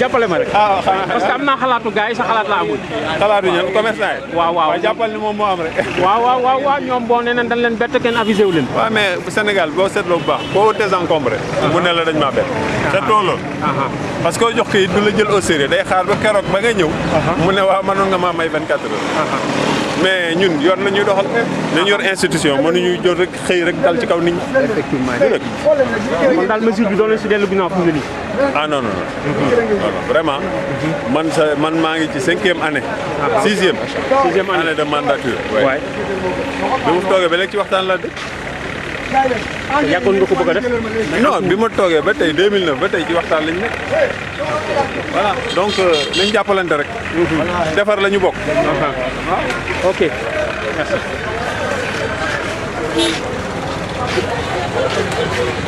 jàppale ma rek. ah parce que am na xalaatu gars yi sa xalaat la amul. xalaatu ñoom commerçant waaw waaw waaw moom moo am rek. waaw waaw waaw waaw ñoom boo nee dañ leen bett kenn avisé wu leen. waaw mais Sénégal boo seetloo bu baax boo désencombré. mu ah. ne la dañ maa bett. Ah. seetloo loolu. Ah, parce que jox kii du la jël au day xaar ba keroog ba nga ñëw. mu ne waaw mënoon nga maa may 24 heures. mais ñun yoon la ñuy doxal dañu yor institution moo ñuy jël rek xëy rek dal ci kaw nit ñi. effectivement kon daal mesure bi doon na si ah non non non vraiment man man maa ngi ci e année 6e année de mandature ouais bi mu toogee ba léegi ci waxtan la de yàggoon nga ko bëgg def non bima toge ba tay 2009 ba tay ci waxtan lañ nek voilà donc euh, nañ jappalante rek mhm. defar lañu bok uh-huh. ok merci